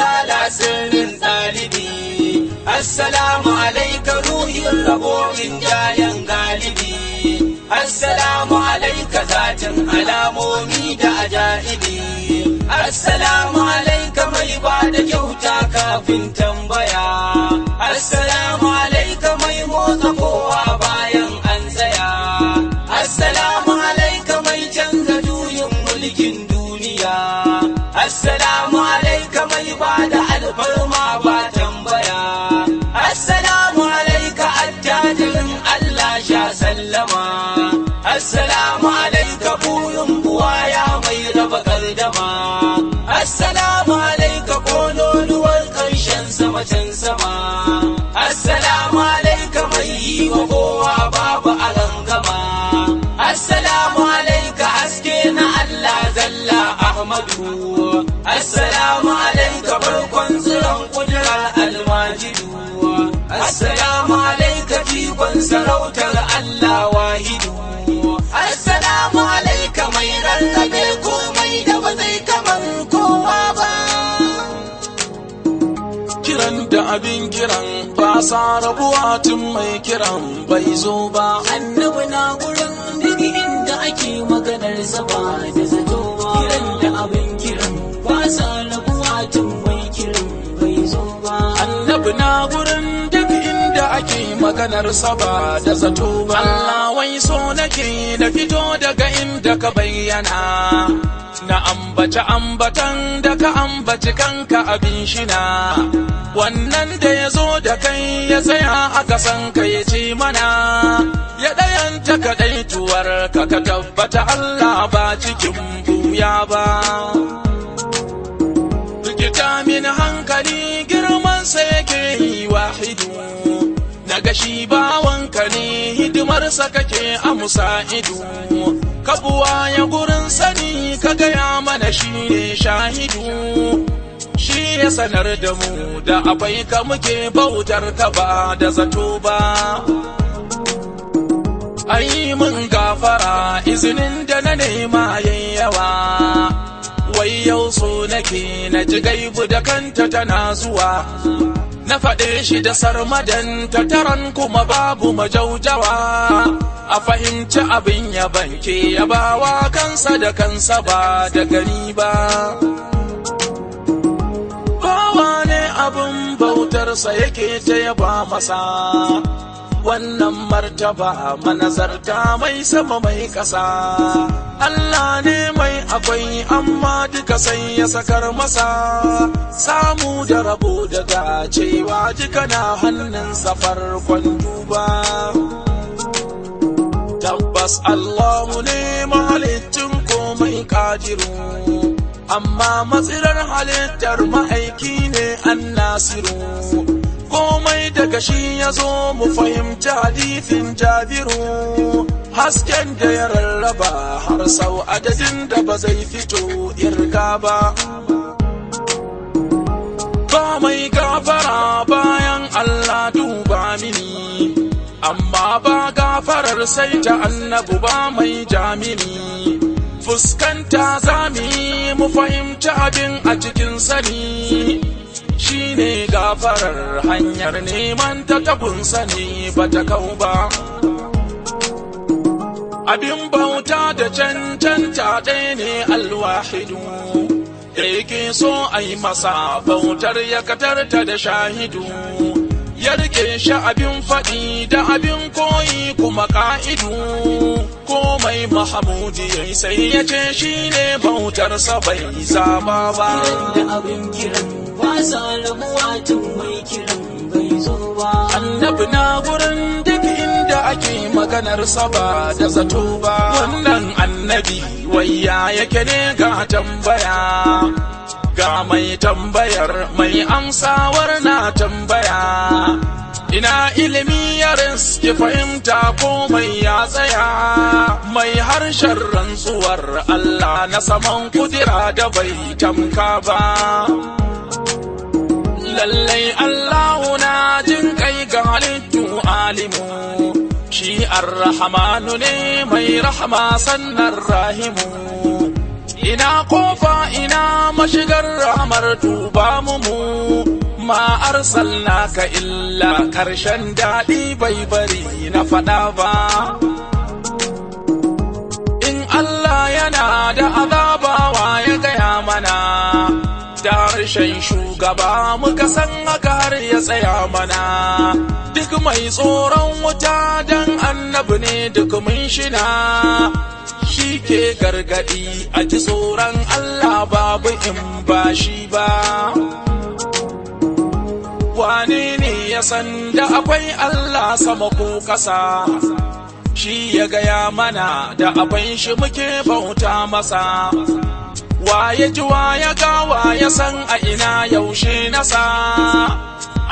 risala sirrin ɗalibi assalamu alaika ruhin rabo'in jayan galibi assalamu alaika zatin alamomi da ajaibi assalamu alaika mai ba da kyauta kafin tambaya Assalamu alaika burin buwaya mai raba gardama. Assalamu alaika kololuwar ƙarshen sama can Assalamu alaika mai yi kowa babu arangama. Assalamu alaika haske na Allah Zallah, Ahmadu. Assalamu alaika farkon tsiron kudurar almajidu. Assalamu alaika jikon sarautar sa rabuwa mai kiran bai zo ba annabi na gurin duk inda ake maganar zaba da zato ba kiran da abin kiran ba sa mai kiran bai zo ba annabi na gurin maganar saba da zato ba Allah wai so nake na fito daga inda ka bayyana na ambaci ambatan da ka ambaci kanka abin shina wannan da ya zo da kai ya tsaya a kasan ka ya mana ya ɗayanta kaɗaituwar ka ka tabbata Allah ba cikin buya ba rikita min hankali da shi bawanka ne hidimarsa kake amsa ido kabuwa ya gurin sani ka gaya mana shi ne shahidu shi ya sanar da mu da akwai ka muke bautar ka ba da zato ba ai mun gafara izinin da na nema yawa wai yau so nake na ji gaibu da kanta tana zuwa na faɗe shi da sarmadan tataran kuma babu majaujawa a fahimci abin ya banke ya bawa kansa da kansa ba da gani ba bawa ne abin bautarsa yake ta yaba masa wannan martaba manazarta mai sama mai ƙasa Allah ne akwai amma duka sai ya sakar masa samu da rabo daga cewa duka na hannun safar duba tabbas Allahu ne mahalittin komai kajiru amma matsirar halittar ma'aiki ne an nasiru komai daga shi ya zo mu fahimci hadithin jabiru hasken da ya rarraba har sau adadin da ba zai fito irga ba ba mai gafara bayan Allah duba mini amma ba gafarar sai ta annabu ba mai jamini fuskanta zami mu fahimci abin a cikin sani shi ne gafarar hanyar neman ta tabun sani ba ta kau ba abin bauta da cancanta ɗaya ne alwahidu da yake so a yi masa bautar ya katarta da shahidu ya rike shi abin faɗi da abin koyi kuma ka'idu komai mahamudi ya sai ya ce shi ne bautarsa bai zama ba da abin kiran ba sa tun mai kiran bai zo ba annabi na gurin ake maganar saba da zato ba wannan annabi wayya yake ne ga tambaya ga mai tambayar mai amsawar na tambaya ina ilimi ya riski fahimta ko mai ya tsaya mai harshen rantsuwar Allah na saman kudira da bai tamka ba lallai Allahu na jin kai ga halittu alimu shi arrahmanu ne mai rahama sannan rahimu ina kofa ina mashigar rahamar tuba mu ma ka illa karshen daɗi bai bari na faɗa ba in Allah yana da azabawa ya gaya mana da harshen shugaba muka san haka har ya tsaya mana duk mai tsoron wuta dan annabi ne duk mun shina shi ke gargadi a ji tsoron Allah babu in ba shi ba wane ne ya san da akwai Allah sama ko ƙasa? shi ya gaya mana da abin shi muke bauta masa waye ji ya ga ya san a ina yaushe nasa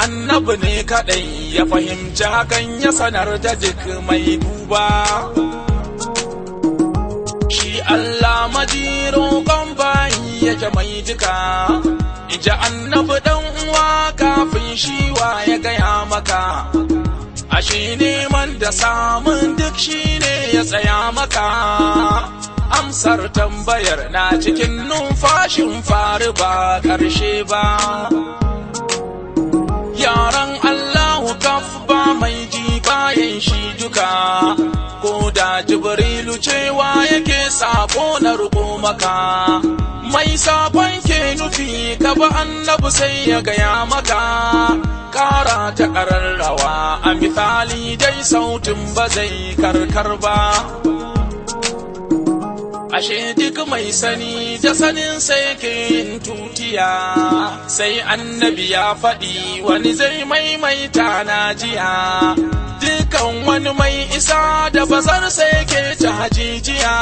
annabi ne kaɗai ya fahimci hakan ya sanar da duk mai duba shi Allah majiro roƙon bayi yake mai duka ija annabi ɗan uwa kafin wa ya gaya maka a shi neman da samun duk shi ne ya tsaya maka amsar tambayar na cikin numfashin faru ba ƙarshe ba. yaran Allahu kaf ba mai ji bayan shi duka ko da jibrilu cewa yake sabo na ruko maka mai sabon ke nufi gaba annabi sai ya gaya maka Ƙara ta ƙararrawa, a misali dai sautin ba zai karkar ba ashe duk mai sani da sanin sai ke tutiya sai annabi ya faɗi wani zai maimaita na jiya dukan wani mai isa da bazar sai ke ta hajijiya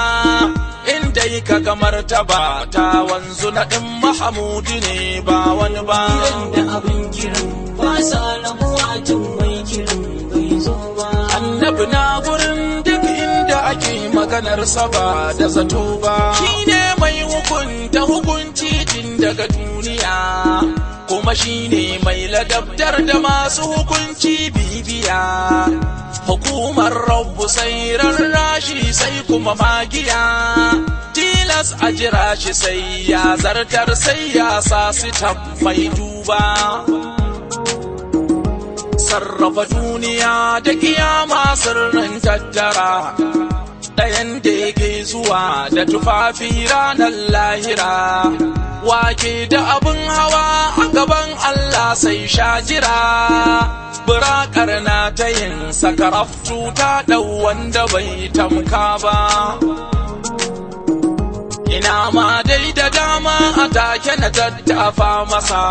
inda yi ka kamar ta ba ta wanzu na ɗin mahamudi ne ba wani ba da abin kiran ba sa rabuwa tun mai kirin bai zo ba annabi na maganarsa ba da zato ba shi ne mai hukunta hukunci tun daga duniya kuma shi ne mai ladabtar da masu hukunci bibiya hukumar rabu sai rarrashi sai kuma magiya tilas a jira shi sai ya zartar sai ya sa su mai duba sarrafa duniya da kiyama sirrin tattara ɗayan da yake zuwa da tufafi ranar lahira wake da abin hawa a gaban Allah sai shajira burakar na ta yin sakaraftu ta ɗau wanda bai tamka ba ina ma dai da dama a take na tattafa masa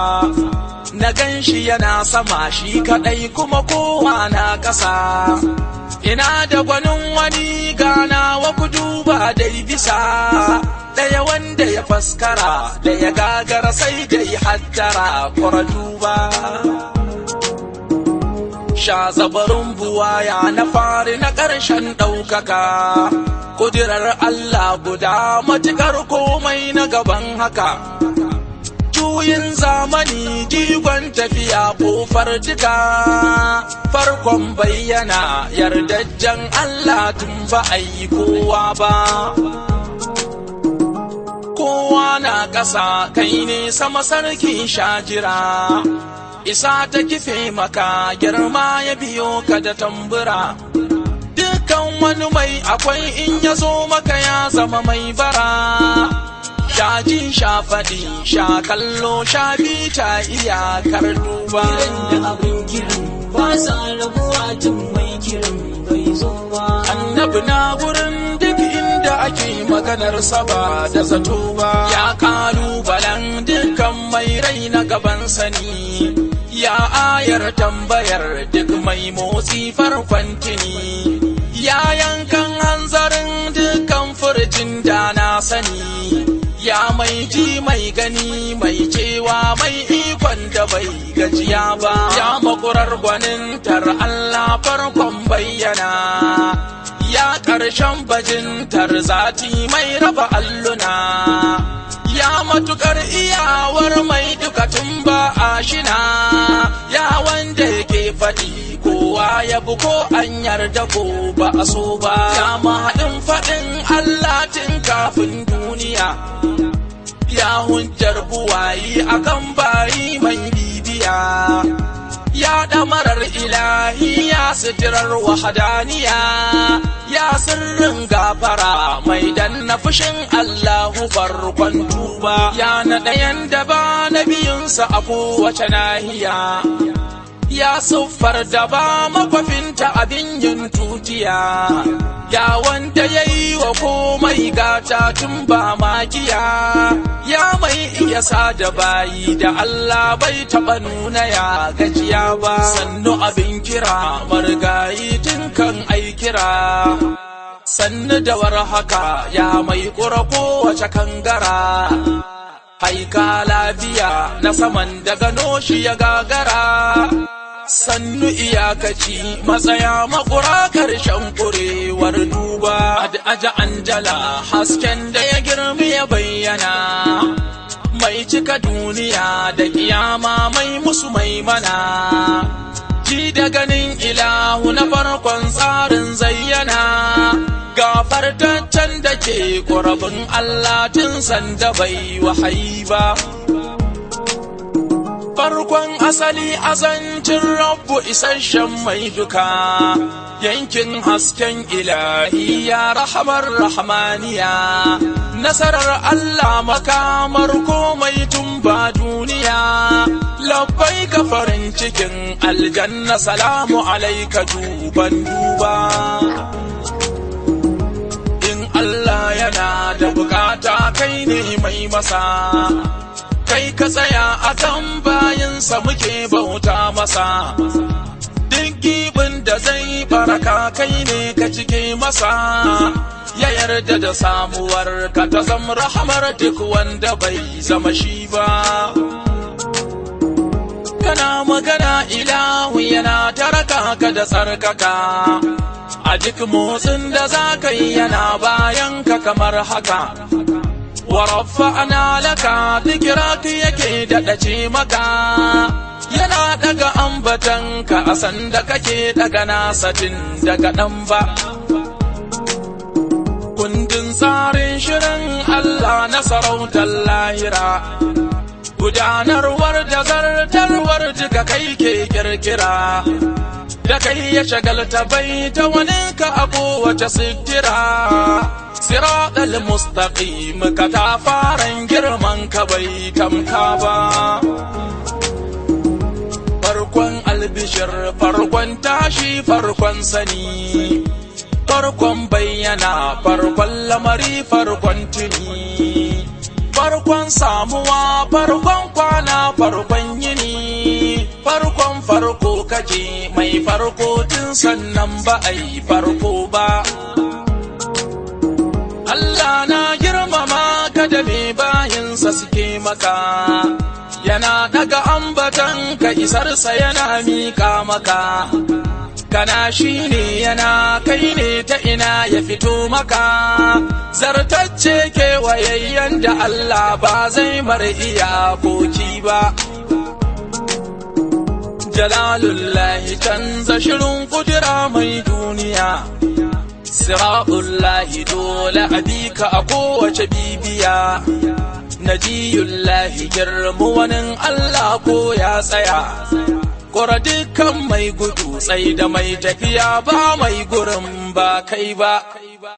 na gan shi yana sama shi kaɗai kuma kowa na ƙasa ina da gwanin wani ganawa ku duba dai bisa ɗaya wanda ya faskara da ya gagara sai dai haddara kwara duba sha zabarin buwaya na fari na ƙarshen ɗaukaka ƙudirar Allah guda matuƙar komai na gaban haka juyin zamani jigon tafiya kofar jika farkon bayyana yardajjen Allah tun ba a yi kowa ba. kowa na ƙasa kai ne sama sarkin shajira isa ta kife maka girma ya biyo ka da tambura dukkan wani mai akwai in ya zo maka ya zama mai bara sha ji sha faɗi sha kallo sha bi ta iyakar duba da abin kiran ba sa rabuwa tun mai kiran bai zo ba annabi na gurin duk inda ake maganar saba da zato ba ya kalubalen dukkan mai rai na gaban sani ya ayar tambayar duk mai motsi farkon tuni ya yankan hanzarin dukkan furjin da na sani ya mai ji mai gani mai cewa mai ikon da bai gajiya ba ya makurar gwanin tar Allah farkon bayyana ya ƙarshen bajintar zati mai raba alluna ya matukar iyawar mai dukatun ba a shina ya wanda yake faɗi kowa ya buko an yarda ko ba a so ba ya mahaɗin faɗin allatin kafin duniya Ya hujjar buwayi kan bayi man bibiya ya ɗamarar ilahi ya sitirar wahadaniya ya sirrin gafara mai danna fushin Allahu farkon tuba ya na ɗayan da ba na biyunsa a kowace nahiya ya siffar da ba makwafinta abin yin tutiya ya wanda ya yi wa komai gata tun ba makiya ya sada bayi da Allah bai taɓa nuna ya gajiya ba sannu abin kira marigayi tun kan aikira. sannu da haka. ya mai ƙura kowace kangara haika lafiya na saman daga noshi ya gagara sannu iyakaci matsaya makura karshen kurewar duba ad aja anjala hasken da ya girma ya bayyana mai cika duniya da kiyama mai musu maimana ji da ganin ilahu na farkon tsarin zayyana gafartaccen da ke ƙorafin Allah tun sanda bai wahayi ba farkon asali azancin rabbu isasshen mai duka yankin hasken ilahi ya rahamar rahmaniya nasarar Allah makamar komai tun ba duniya labbai ka farin cikin aljanna salamu alaika duban duba in Allah yana da bukata kai ne mai masa kai ka tsaya a kan bayansa muke bauta masa duk gibin da zai baraka kai ne ka cike masa ya yarda da samuwar ka ta zama rahamar duk wanda bai zama shi ba kana magana ilahu yana taraka ka da tsarkaka a duk motsin da za ka yi yana bayan ka kamar haka ورفعنا لك ذكرك yake daɗace ce maka yana ɗaga ambatanka a sanda kake ɗaga nasa tun daga ɗan ba tsarin shirin Allah na sarautar lahira gudanarwar da zartarwar jika kai ke kirkira da kai ya shagalta bai ta wani ka abu wace sittira صراط المستقيم كتافارن جرمن كبي كم كابا farkon البشر فرقن تاشي farkon sani. farkon bayyana farkon lamari farkon tuni farkon samuwa farkon kwana farkon yini farkon farko kaje mai farko tun sannan ba a yi farko ba Allah na girmama ka da me bayinsa suke maka yana daga ambatan ka isarsa yana mika maka kana shi ne yana kai ne ta ina ya fito maka zartacce kewayayyen da Allah ba zai mara iyakoki ba jalalullahi canza shirin kudura mai duniya Sira'ullahi dole abika a kowace bibiya, Najiyullahi girmu wani Allah ko ya tsaya. haƙura dukkan mai gudu tsai da mai tafiya ba mai gurin ba kai ba